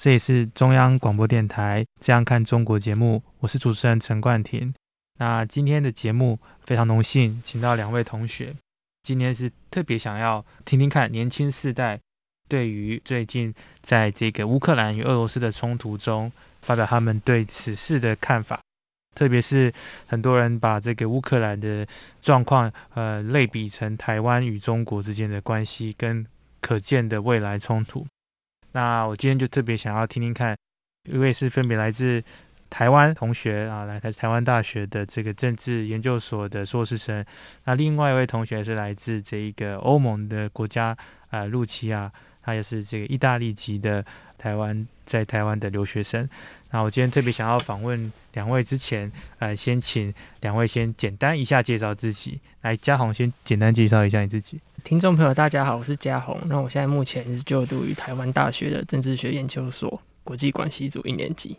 這也是中央廣播電台《這樣看中國》節目，我是主持人陳冠廷。那今天的節目非常榮幸，請到兩位同學。今天是特別想要聽聽看年輕世代對於最近在這個烏克蘭與俄羅斯的衝突中發表他們對此事的看法，特別是很多人把這個烏克蘭的狀況呃類比成台灣與中國之間的關係跟可見的未來衝突。那我今天就特別想要聽聽看，一位是分別來自台灣同學啊，來自台灣大學的這個政治研究所的碩士生。那另外一位同學是來自這一個歐盟的國家啊，呃、路奇亞啊，他也是這個意大利籍的台灣，在台灣的留學生。那我今天特別想要訪問兩位之前，呃，先請兩位先簡單一下介紹自己。來，佳紘先簡單介紹一下你自己。聽眾朋友，大家好，我是佳紘。那我現在目前是就讀於台灣大學的政治學研究所國際關係組一年級。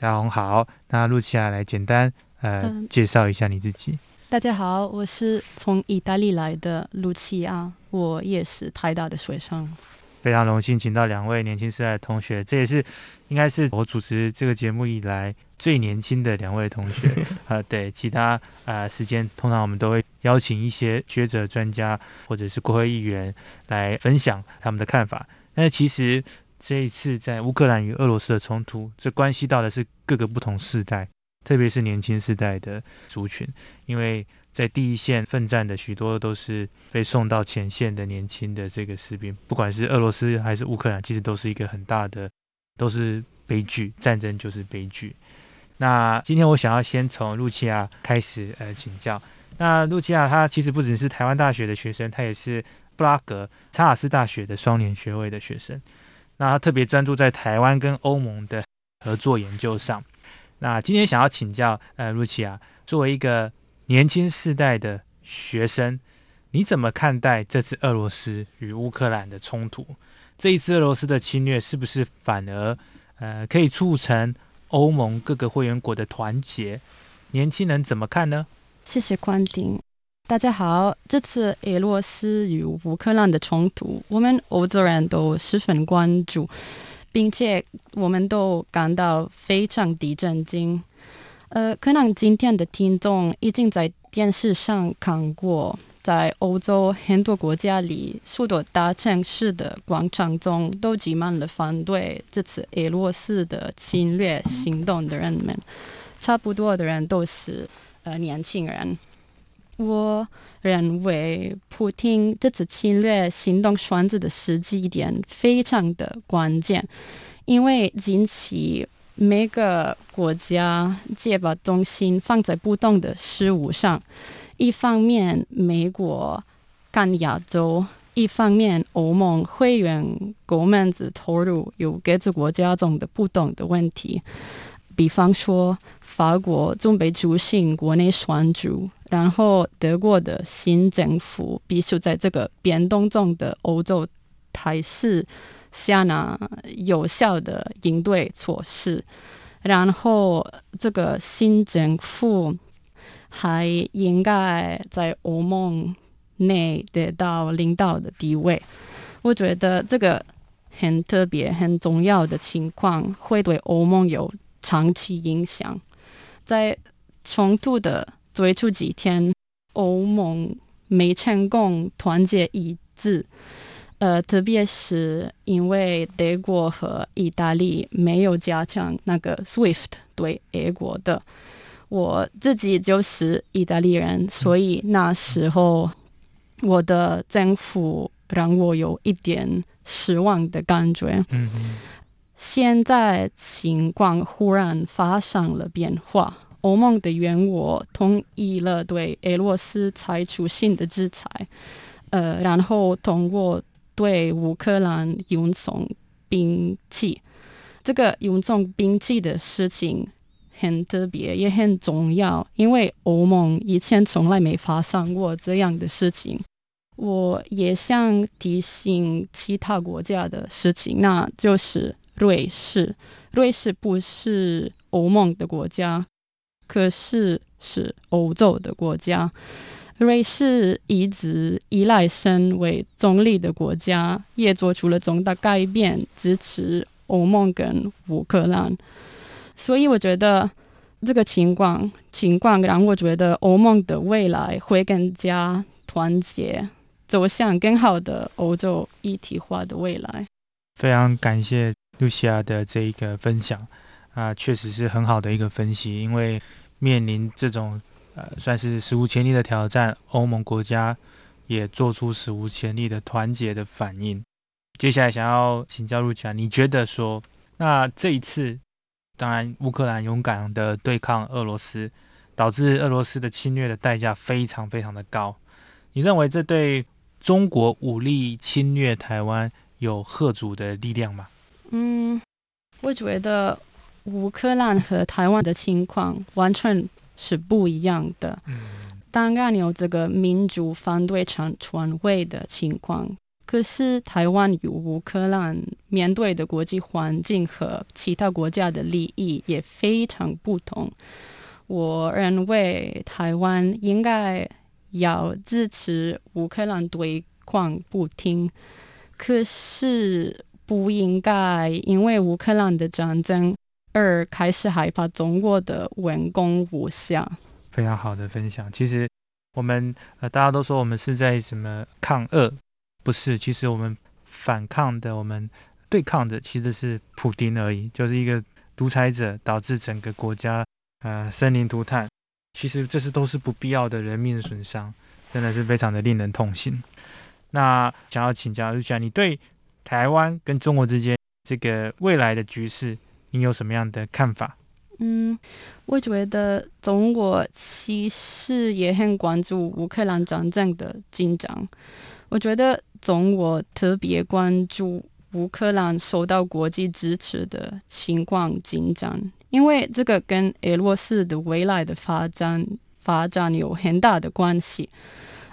佳紘好。那露琪亞來簡單呃，呃介紹一下你自己。大家好，我是從意大利來的露琪亞，我也是台大的學生。非常榮幸請到兩位年輕世代的同學，這也是。應該是我主持這個節目以來最年輕的兩位同學啊、呃，對其他啊、呃、時間，通常我們都會邀請一些學者、專家或者是國會議員來分享他們的看法。那其實這一次在烏克蘭與俄羅斯的衝突，這關係到的是各個不同世代，特別是年輕世代的族群，因為在第一線奮戰的許多都是被送到前線的年輕的這個士兵，不管是俄羅斯還是烏克蘭，其實都是一個很大的。都是悲劇，戰爭就是悲劇。那今天我想要先從露琪亞開始呃請教。那露琪亞他其實不只是台灣大學的學生，他也是布拉格查爾斯大學的雙聯學位的學生。那他特別專注在台灣跟歐盟的合作研究上。那今天想要請教呃露琪亞，作為一個年輕世代的學生，你怎麼看待這次俄羅斯與烏克蘭的衝突？這一次俄羅斯的侵略是不是反而，呃，可以促成歐盟各個會員國的團結？年輕人怎麼看呢？謝謝冠廷。大家好。這次俄羅斯與烏克蘭的衝突，我們歐洲人都十分關注，並且我們都感到非常的震驚。呃，可能今天的聽眾已經在電視上看過。在歐洲很多國家裡，許多大城市的廣場中都擠滿了反對這次俄羅斯的侵略行動的人們。差不多的人都是呃年輕人。我認為，普丁這次侵略行動選擇的時機點非常的關鍵，因為近期每個國家皆把重心放在不同的事物上。一方面，美國跟亞洲；一方面，歐盟會員國們子投入有各自國家中的不同的問題。比方說，法國準備舉行國內選舉，然後德國的新政府必須在這個變動中的歐洲態勢下呢，有效的應對措施。然後，這個新政府。還應該在歐盟內得到領導的地位。我覺得這個很特別、很重要的情況會對歐盟有長期影響。在衝突的最初幾天，歐盟沒成功團結一致，呃，特別是因為德國和意大利沒有加強那個 SWIFT 對俄國的。我自己就是意大利人，所以那時候我的政府讓我有一點失望的感覺。 現在情況忽然發生了變化，歐盟的成員國我同意了對俄羅斯採取新的制裁，呃，然後通過對烏克蘭運送兵器，這個運送兵器的事情。很特別也很重要，因為歐盟以前從來沒發生過這樣的事情。我也想提醒其他國家的事情，那就是瑞士。瑞士不是歐盟的國家，可是是歐洲的國家。瑞士一直依賴身為中立的國家，也做出了重大改變，支持歐盟跟烏克蘭。所以我覺得這個情況情況讓我覺得歐盟的未來會更加團結，走向更好的歐洲一體化的未來。非常感謝露西亞的這一個分享啊、呃，確實是很好的一個分析。因為面臨這種呃，算是史無前例的挑戰，歐盟國家也做出史無前例的團結的反應。接下來想要請教露西亞，你覺得說那這一次？當然，烏克蘭勇敢的對抗俄羅斯，導致俄羅斯的侵略的代價非常非常的高。你認為這對中國武力侵略台灣有嚇阻的力量嗎？嗯，我覺得烏克蘭和台灣的情況完全是不一樣的。嗯，當然有這個民族反對成傳位的情況。可是台灣與烏克蘭面對的國際環境和其他國家的利益也非常不同。我認為台灣應該要支持烏克蘭對抗不聽，可是不應該因為烏克蘭的戰爭而開始害怕中國的文攻武嚇。非常好的分享。其實我們呃，大家都說我們是在什麼抗俄。不是，其實我們反抗的，我們對抗的，其實是普丁而已，就是一個獨裁者，導致整個國家呃生靈塗炭。其實這是都是不必要的人命的損傷，真的是非常的令人痛心。那想要請教一下，你對台灣跟中國之間這個未來的局勢，你有什麼樣的看法？嗯，我覺得中國其實也很關注烏克蘭戰爭的進展，我覺得。中國特別關注烏克蘭受到國際支持的情況進展，因為這個跟俄羅斯的未來的發展發展有很大的關係。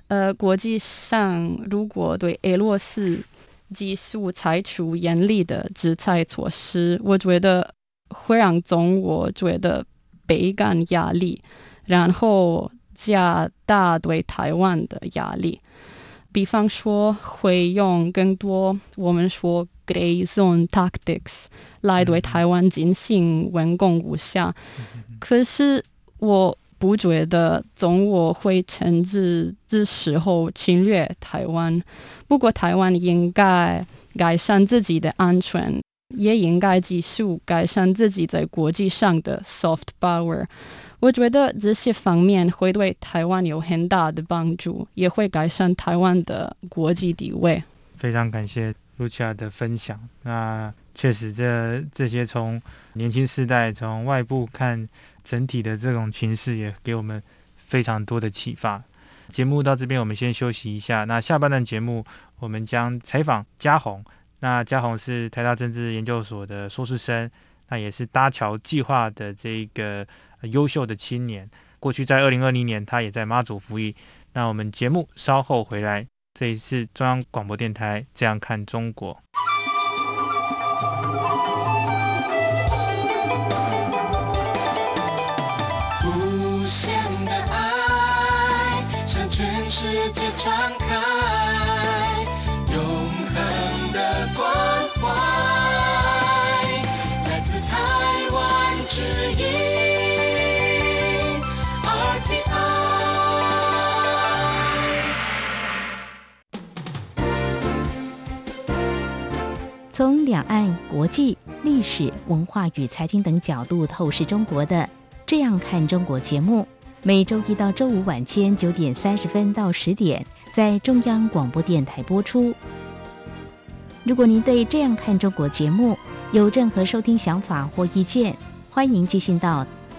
呃，國際上如果對俄羅斯繼續採取嚴厲的制裁措施，我覺得會讓中國覺得倍感壓力，然後加大對台灣的壓力。比方說會用更多我們說 grey zone tactics 來對台灣進行文攻武嚇，嗯、可是我不覺得中國會趁這這時候侵略台灣。不過台灣應該改善自己的安全，也應該繼續改善自己在國際上的 soft power。我覺得這些方面會對台灣有很大的幫助，也會改善台灣的國際地位。非常感謝 Lucia 的分享。那確實這，這這些從年輕世代從外部看整體的這種情勢，也給我們非常多的啟發。節目到這邊，我們先休息一下。那下半段節目，我們將採訪佳紘。那佳紘是台大政治研究所的碩士生。那也是搭橋計劃的這一個優秀的青年，過去在二零二零年他也在馬祖服役。那我們節目稍後回來，這一次中央廣播電台這樣看中國。從兩岸、國際、歷史文化與財經等角度透視中國的《這樣看中國》節目，每周一到周五晚間九點三十分到十點在中央廣播電臺播出。如果您對《這樣看中國》節目有任何收聽想法或意見，歡迎寄信到。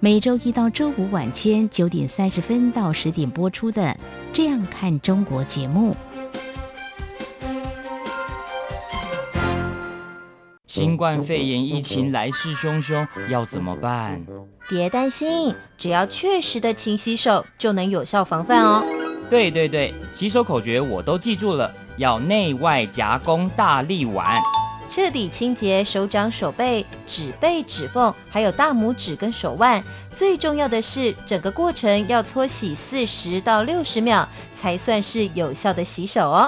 每週一到週五晚間九點三十分到十點播出的《這樣看中國》節目。新冠肺炎疫情來勢洶洶，要怎麼辦？別擔心，只要確實的勤洗手，就能有效防範哦。對對對，洗手口訣我都記住了，要內外夾弓大力腕。徹底清潔手掌、手背、指背、指縫，還有大拇指跟手腕。最重要的是，整個過程要搓洗四十到六十秒，才算是有效的洗手哦。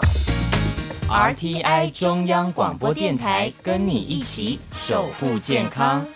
RTI 中央廣播電臺跟你一起守護健康。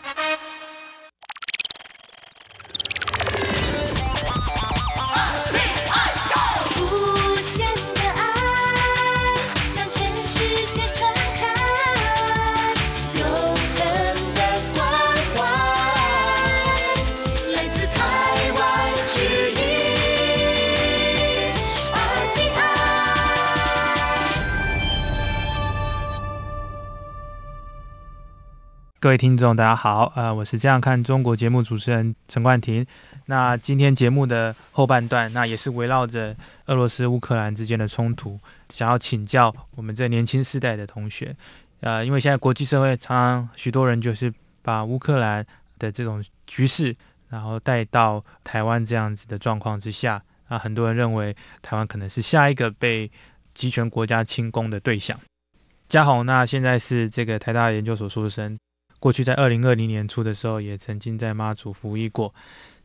各位聽眾，大家好，呃，我是這樣看中國節目主持人陳冠廷。那今天節目的後半段，那也是圍繞着俄羅斯烏克蘭之間的衝突，想要請教我們這年輕世代的同學，呃，因為現在國際社會常常許多人就是把烏克蘭的這種局勢，然後帶到台灣這樣子的狀況之下，啊，很多人認為台灣可能是下一個被極權國家侵攻的對象。佳紘，那現在是這個台大研究所碩士生。過去在二零二零年初的時候，也曾經在馬祖服役過。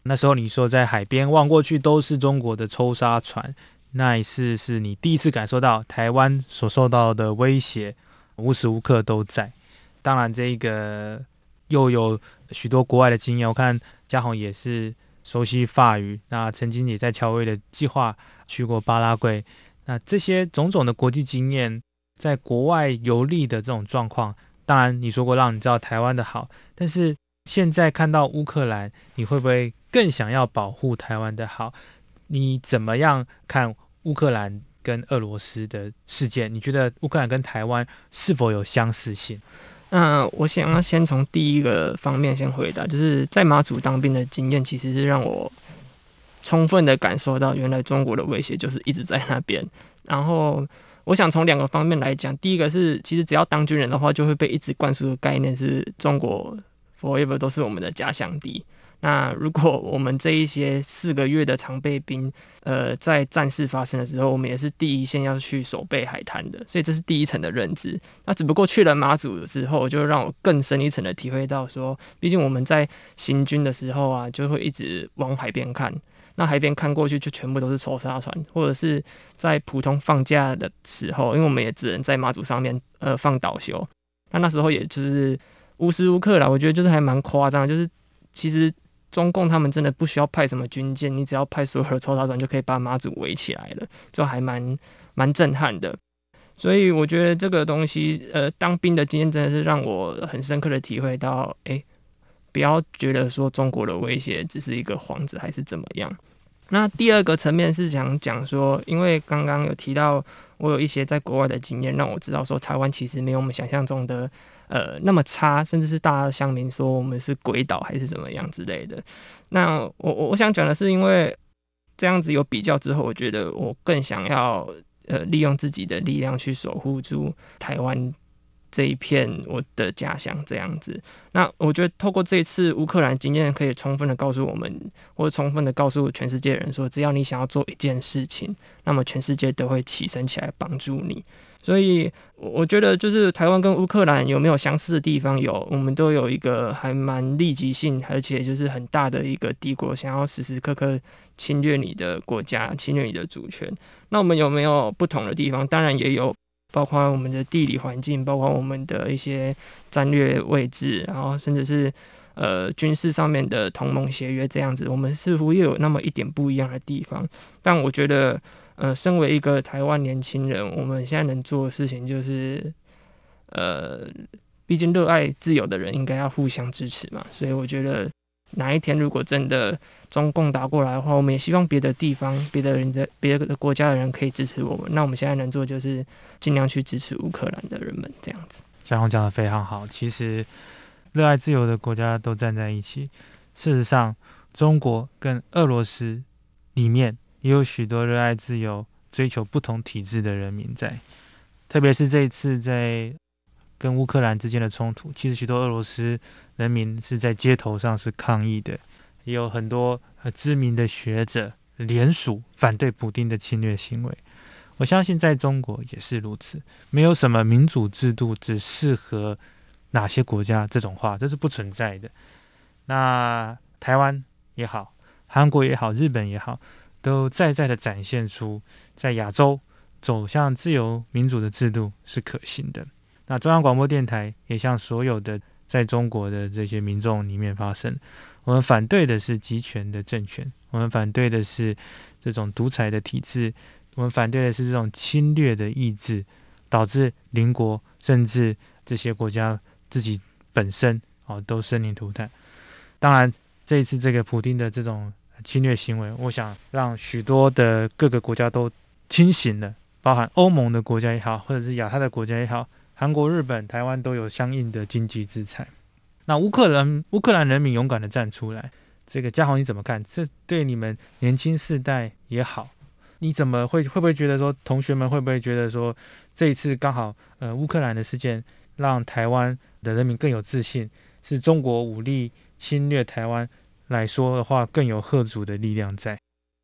那時候你說在海邊望過去都是中國的抽沙船，那一次是你第一次感受到台灣所受到的威脅無時無刻都在。當然，這個又有許多國外的經驗。我看佳紘也是熟悉法語，那曾經也在喬威的計劃去過巴拉圭。那這些種種的國際經驗，在國外遊歷的這種狀況。當然，你說過讓你知道台灣的好，但是現在看到烏克蘭，你會不會更想要保護台灣的好？你怎麼樣看烏克蘭跟俄羅斯的事件？你覺得烏克蘭跟台灣是否有相似性？嗯，我想要先從第一個方面先回答，就是在馬祖當兵的經驗，其實是讓我充分的感受到，原來中國的威脅就是一直在那邊，然後。我想從兩個方面來講，第一個是，其實只要當軍人的話，就會被一直灌輸的概念是中國 forever 都是我們的假想敵。那如果我們這一些四個月的常備兵，呃，在戰事發生的時候，我們也是第一線要去守備海灘的，所以這是第一層的認知。那只不過去了馬祖之後，就讓我更深一層的體會到說，畢竟我們在行軍的時候啊，就會一直往海邊看。那海邊看過去就全部都是抽沙船，或者是在普通放假的時候，因為我們也只能在馬祖上面呃放島休。那那時候也就是無時無刻啦，我覺得就是還蠻誇張，就是其實中共他們真的不需要派什麼軍艦，你只要派所有的抽沙船就可以把馬祖圍起來了，就還蠻蠻震撼的。所以我覺得這個東西呃，當兵的經驗真的是讓我很深刻的體會到，哎、欸，不要覺得說中國的威脅只是一個幌子，還是怎麼樣。那第二個層面是想講說，因為剛剛有提到，我有一些在國外的經驗，讓我知道說台灣其實沒有我們想象中的呃那麼差，甚至是大家鄉民說我們是鬼島還是怎麼樣之類的。那我我我想講的是，因為這樣子有比較之後，我覺得我更想要呃利用自己的力量去守護住台灣。這一片我的家鄉這樣子，那我覺得透過這次烏克蘭經驗，可以充分的告訴我們，或充分的告訴全世界人說，只要你想要做一件事情，那麼全世界都會起身起來幫助你。所以，我我覺得就是台灣跟烏克蘭有沒有相似的地方？有，我們都有一個還蠻立即性，而且就是很大的一個帝國，想要時時刻刻侵略你的國家，侵略你的主權。那我們有沒有不同的地方？當然也有。包括我們的地理環境，包括我們的一些戰略位置，然後甚至是呃軍事上面的同盟協約這樣子，我們似乎又有那麼一點不一樣的地方。但我覺得，呃，身為一個台灣年輕人，我們現在能做的事情就是，呃，畢竟熱愛自由的人應該要互相支持嘛，所以我覺得。哪一天如果真的中共打過來的話，我們也希望別的地方、別的人的、別的國家的人可以支持我們。那我們現在能做的就是盡量去支持烏克蘭的人們，這樣子。佳紘講得非常好。其實熱愛自由的國家都站在一起。事實上，中國跟俄羅斯裡面也有許多熱愛自由、追求不同體制的人民在，特別是這一次在。跟烏克蘭之間的衝突，其實許多俄羅斯人民是在街頭上是抗議的，也有很多很知名的學者聯署反對普丁的侵略行為。我相信在中國也是如此，沒有什麼民主制度只適合哪些國家這種話，這是不存在的。那台灣也好，韓國也好，日本也好，都在在的展現出在亞洲走向自由民主的制度是可行的。那中央廣播電台也向所有的在中國的這些民眾裡面發聲，我們反對的是集權的政權，我們反對的是這種獨裁的體制，我們反對的是這種侵略的意志，導致鄰國甚至這些國家自己本身啊、哦、都生靈塗炭。當然，這一次這個普丁的這種侵略行為，我想讓許多的各個國家都清醒了，包含歐盟的國家也好，或者是亞太的國家也好。韓國、日本、台灣都有相應的經濟制裁。那烏克蘭烏克蘭人民勇敢的站出來，這個佳紘，你怎麼看？這對你們年輕世代也好，你怎麼會會不會覺得說，同學們會不會覺得說，這一次剛好呃烏克蘭的事件讓台灣的人民更有自信？是中國武力侵略台灣來說的話，更有嚇阻的力量在。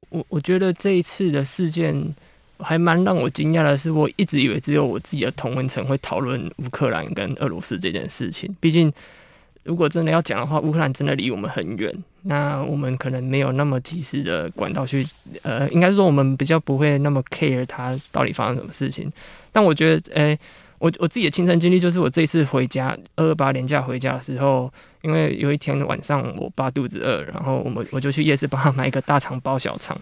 我我覺得這一次的事件。還蠻讓我驚訝的是，我一直以為只有我自己的同溫層會討論烏克蘭跟俄羅斯這件事情。畢竟，如果真的要講的話，烏克蘭真的離我們很遠，那我們可能沒有那麼及時的管道去，呃，應該說我們比較不會那麼 care 它到底發生什麼事情。但我覺得，哎、欸，我我自己的親身經歷就是，我這一次回家二二八連假回家的時候，因為有一天晚上我爸肚子餓，然後我們我就去夜市幫他買一個大腸包小腸。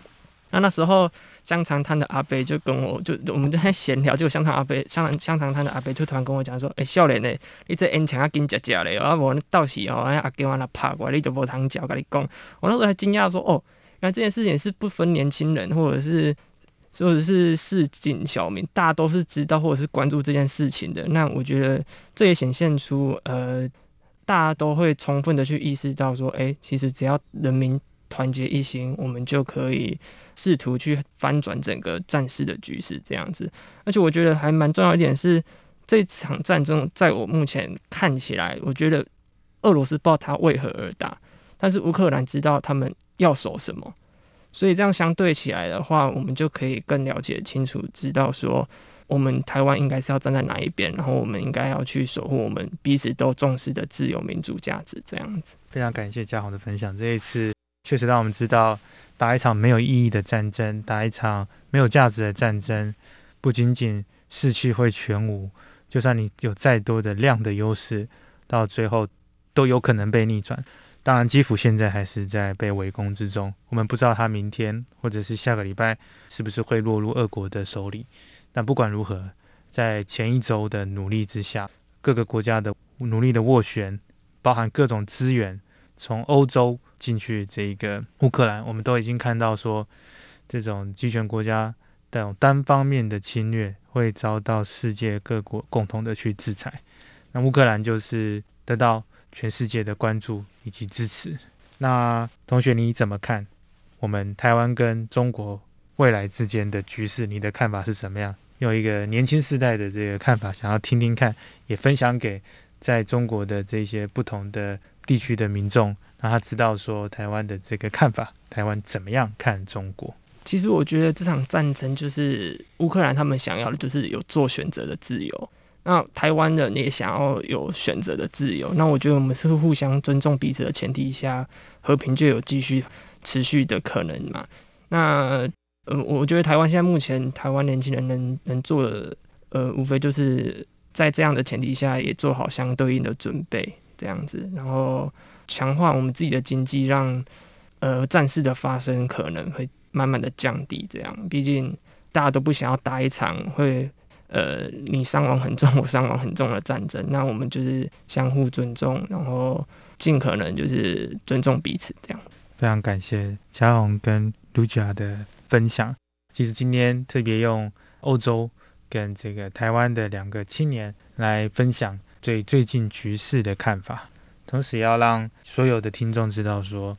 那那時候香腸攤的阿伯就跟我就我們就在閒聊，就香腸阿伯香香腸攤的阿伯就突然跟我講說：“誒、欸，少年嘞，你這煙錢要金夾夾嘞。喔”不然後我到時候哦，阿共阿那趴過來，你都不躺腳，跟你講。我那時候還驚訝說：“哦、喔，那這件事情是不分年輕人或者是或者是市井小民，大家都是知道或者是關注這件事情的。”那我覺得這也顯現出，呃，大家都會充分的去意識到說：“誒、欸，其實只要人民。”團結一心，我們就可以試圖去翻轉整個戰事的局勢，這樣子。而且我覺得還蠻重要一點的是，這場戰爭在我目前看起來，我覺得俄羅斯不知道他為何而打，但是烏克蘭知道他們要守什麼。所以這樣相對起來的話，我們就可以更了解清楚，知道說我們台灣應該是要站在哪一邊，然後我們應該要去守護我們彼此都重視的自由民主價值，這樣子。非常感謝佳紘的分享，這一次。確實讓我們知道，打一場沒有意義的戰爭，打一場沒有價值的戰爭，不僅僅士氣會全無，就算你有再多的量的優勢，到最後都有可能被逆轉。當然，基輔現在還是在被圍攻之中，我們不知道他明天或者是下個禮拜是不是會落入俄國的手裡。但不管如何，在前一周的努力之下，各個國家的努力的斡旋，包含各種資源。從歐洲進去這一個烏克蘭，我們都已經看到說，這種極權國家的單方面的侵略會遭到世界各國共同的去制裁。那烏克蘭就是得到全世界的關注以及支持。那同學你怎麼看我們台灣跟中國未來之間的局勢？你的看法是什麼樣？用一個年輕世代的這個看法，想要聽聽看，也分享給在中國的這些不同的，地區的民眾，讓他知道說台灣的這個看法，台灣怎麼樣看中國。其實我覺得這場戰爭就是烏克蘭他們想要的，就是有做選擇的自由。那台灣人也想要有選擇的自由。那我覺得我們是互相尊重彼此的前提下，和平就有繼續持續的可能嘛。那嗯，呃，我覺得台灣現在目前台灣年輕人能能做的，呃，無非就是在這樣的前提下，也做好相對應的準備。這樣子，然後強化我們自己的經濟讓，讓呃，戰事的發生可能會慢慢的降低。這樣，畢竟大家都不想要打一場會呃，你傷亡很重，我傷亡很重的戰爭。那我們就是相互尊重，然後盡可能就是尊重彼此。這樣，非常感謝佳紘跟 Lucia 的分享。其實今天特別用歐洲跟這個台灣的兩個青年來分享。對最近局勢的看法，同時要讓所有的聽眾知道說，說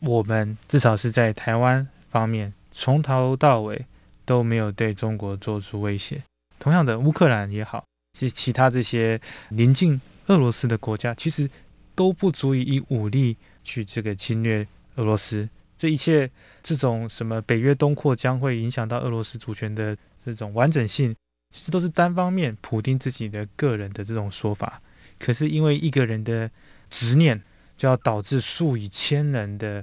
我們至少是在台灣方面，從頭到尾都沒有對中國做出威脅。同樣的，烏克蘭也好，及其他這些臨近俄羅斯的國家，其實都不足以以武力去這個侵略俄羅斯。這一切，這種什麼北約東擴將會影響到俄羅斯主權的這種完整性，其實都是單方面普丁自己的個人的這種說法，可是因為一個人的執念，就要導致數以千人的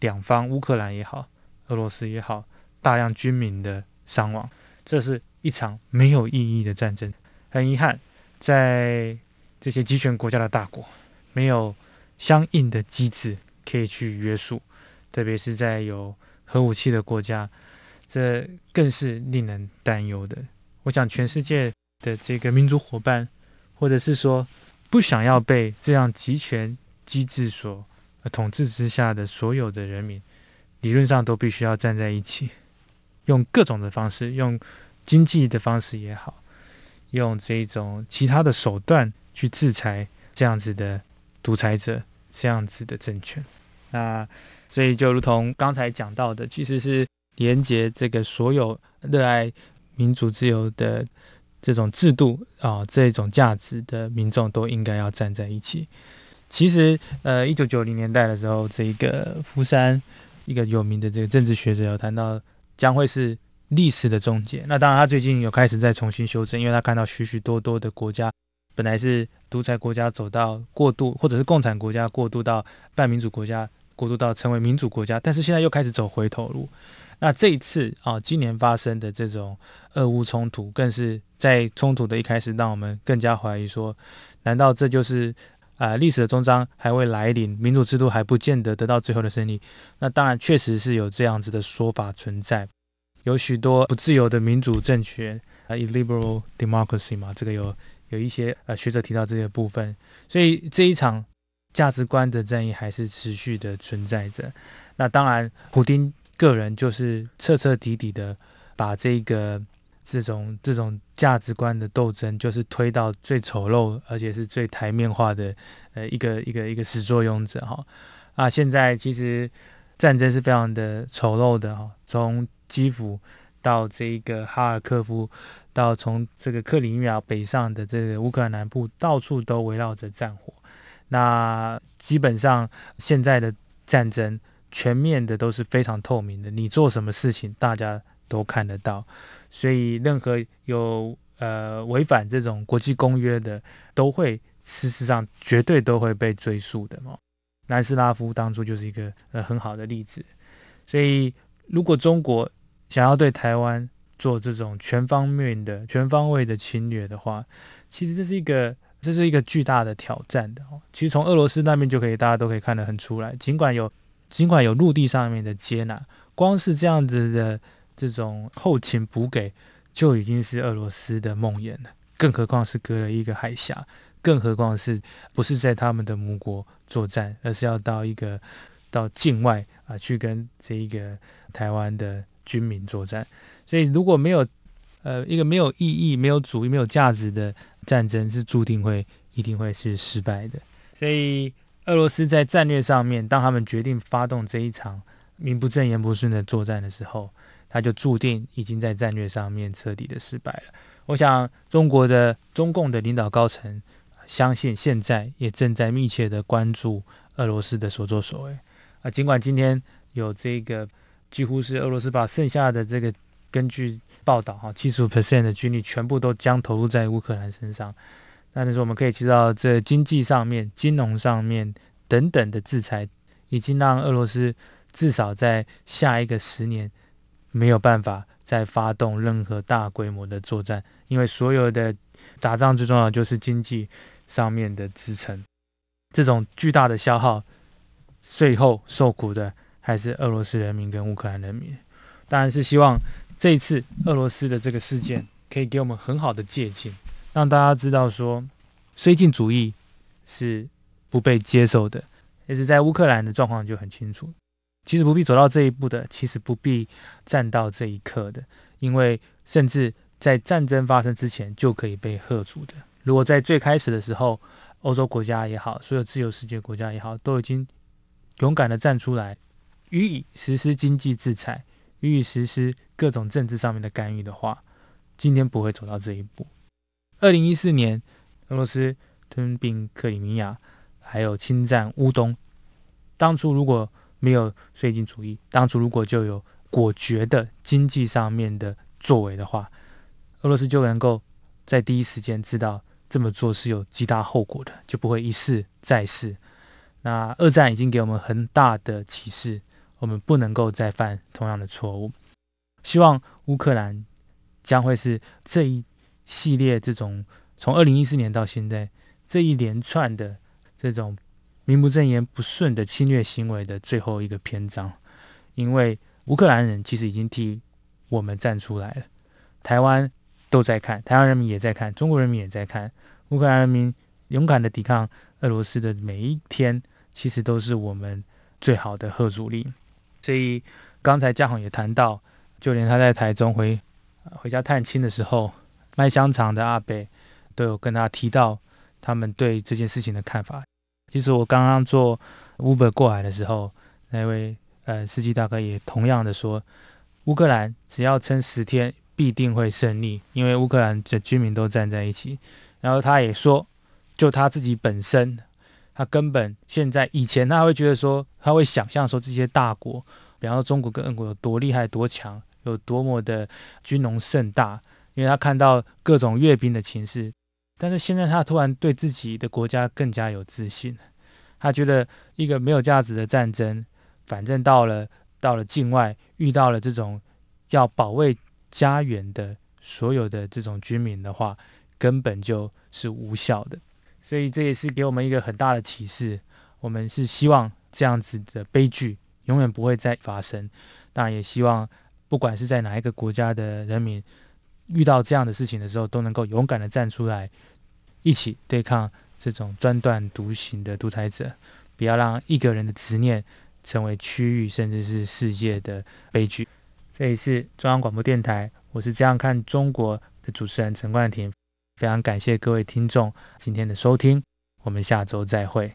兩方烏克蘭也好，俄羅斯也好，大量軍民的傷亡。這是一場沒有意義的戰爭。很遺憾，在這些極權國家的大國，沒有相應的機制可以去約束，特別是在有核武器的國家，這更是令人擔憂的。我想，全世界的這個民族夥伴，或者是說不想要被這樣極權機制所統治之下的所有的人民，理論上都必須要站在一起，用各種的方式，用經濟的方式也好，用這種其他的手段去制裁這樣子的獨裁者，這樣子的政權。那所以，就如同剛才講到的，其實是連接這個所有熱愛。民主自由的這種制度啊，哦，這種價值的民眾都應該要站在一起。其實，呃，一九九零年代的時候，這一個福山，一個有名的這個政治學者有談到將會是歷史的終結。那當然，他最近有開始在重新修正，因為他看到許許多多的國家本來是獨裁國家，走到過渡，或者是共產國家過渡到半民主國家，過渡到成為民主國家，但是現在又開始走回頭路。那這一次啊、哦，今年發生的這種俄烏衝突，更是在衝突的一開始，讓我們更加懷疑說，難道這就是啊、呃、歷史的終章還未來臨，民主制度還不見得得到最後的勝利？那當然，確實是有這樣子的說法存在，有許多不自由的民主政權啊，illiberal democracy 嘛，這個有有一些呃學者提到這些部分，所以這一場價值觀的戰役還是持續的存在着。那當然，普丁。個人就是徹徹底底的把這一個這種這種價值觀的鬥爭，就是推到最醜陋而且是最檯面化的呃一個一個一個始作俑者哈、哦、啊！現在其實戰爭是非常的醜陋的哈、哦，從基輔到這一個哈爾科夫，到從這個克里米亞北上的這個烏克蘭南部，到處都圍繞着戰火。那基本上現在的戰爭。全面的都是非常透明的，你做什麼事情大家都看得到，所以任何有呃違反這種國際公約的，都會事實上絕對都會被追溯的哦。南斯拉夫當初就是一個呃很好的例子，所以如果中國想要對台灣做這種全方面的全方位的侵略的話，其實這是一個這是一個巨大的挑戰的哦。其實從俄羅斯那邊就可以大家都可以看得很出來，儘管有。儘管有陸地上面的接納，光是這樣子的這種後勤補給就已經是俄羅斯的夢魘了。更何況是隔了一個海峽，更何況是不是在他們的母國作戰，而是要到一個到境外啊去跟這一個台灣的軍民作戰。所以如果沒有呃一個沒有意義、沒有主義、沒有價值的戰爭，是注定會一定會是失敗的。所以。俄羅斯在戰略上面，當他們決定發動這一場名不正言不順的作戰的時候，他就注定已經在戰略上面徹底的失敗了。我想，中國的中共的領導高層相信現在也正在密切的關注俄羅斯的所作所為啊。儘管今天有這個幾乎是俄羅斯把剩下的這個根據報道哈，七十五 percent 的軍力全部都將投入在烏克蘭身上。那就是我們可以知道，這經濟上面、金融上面等等的制裁，已經讓俄羅斯至少在下一個十年沒有辦法再發動任何大規模的作戰，因為所有的打仗最重要就是經濟上面的支撐。這種巨大的消耗，最後受苦的還是俄羅斯人民跟烏克蘭人民。當然是希望這一次俄羅斯的這個事件可以給我們很好的借鑑。讓大家知道說，綏靖主義是不被接受的。也是在烏克蘭的狀況就很清楚。其實不必走到這一步的，其實不必站到這一刻的，因為甚至在戰爭發生之前就可以被嚇阻的。如果在最開始的時候，歐洲國家也好，所有自由世界國家也好，都已經勇敢地站出來，予以實施經濟制裁，予以實施各種政治上面的干預的話，今天不會走到這一步。二零一四年，俄羅斯吞併克里米亞，還有侵佔烏東。當初如果沒有綏靖主義，當初如果就有果決的經濟上面的作為的話，俄羅斯就能夠在第一時間知道這麼做是有極大後果的，就不會一試再試。那二戰已經給我們很大的啟示，我們不能夠再犯同樣的錯誤。希望烏克蘭將會是這一。系列這種從二零一四年到現在這一連串的這種名不正言不順的侵略行為的最後一個篇章，因為烏克蘭人其實已經替我們站出來了，台灣都在看，台灣人民也在看，中國人民也在看，烏克蘭人民勇敢的抵抗俄羅斯的每一天，其實都是我們最好的嚇阻力。所以剛才佳紘也談到，就連他在台中回回家探親的時候。賣香腸的阿北都有跟他提到他們對這件事情的看法。其實我剛剛坐 Uber 過來的時候，那位呃司機大哥也同樣的說，烏克蘭只要撐十天必定會勝利，因為烏克蘭的居民都站在一起。然後他也說，就他自己本身，他根本現在以前他會覺得說，他會想象說這些大國，比方說中國跟英國有多厲害、多強，有多麼的軍容盛大。因為他看到各種閱兵的情勢，但是現在他突然對自己的國家更加有自信。他覺得一個沒有價值的戰爭，反正到了到了境外，遇到了這種要保衛家園的所有的這種居民的話，根本就是無效的。所以這也是給我們一個很大的啟示。我們是希望這樣子的悲劇永遠不會再發生。當然也希望不管是在哪一個國家的人民。遇到這樣的事情的時候，都能夠勇敢的站出來，一起對抗這種專斷獨行的獨裁者，不要讓一個人的執念成為區域甚至是世界的悲劇。這裡是中央廣播電台，我是《這樣看中國》的主持人陳冠廷，非常感謝各位聽眾今天的收聽，我們下周再會。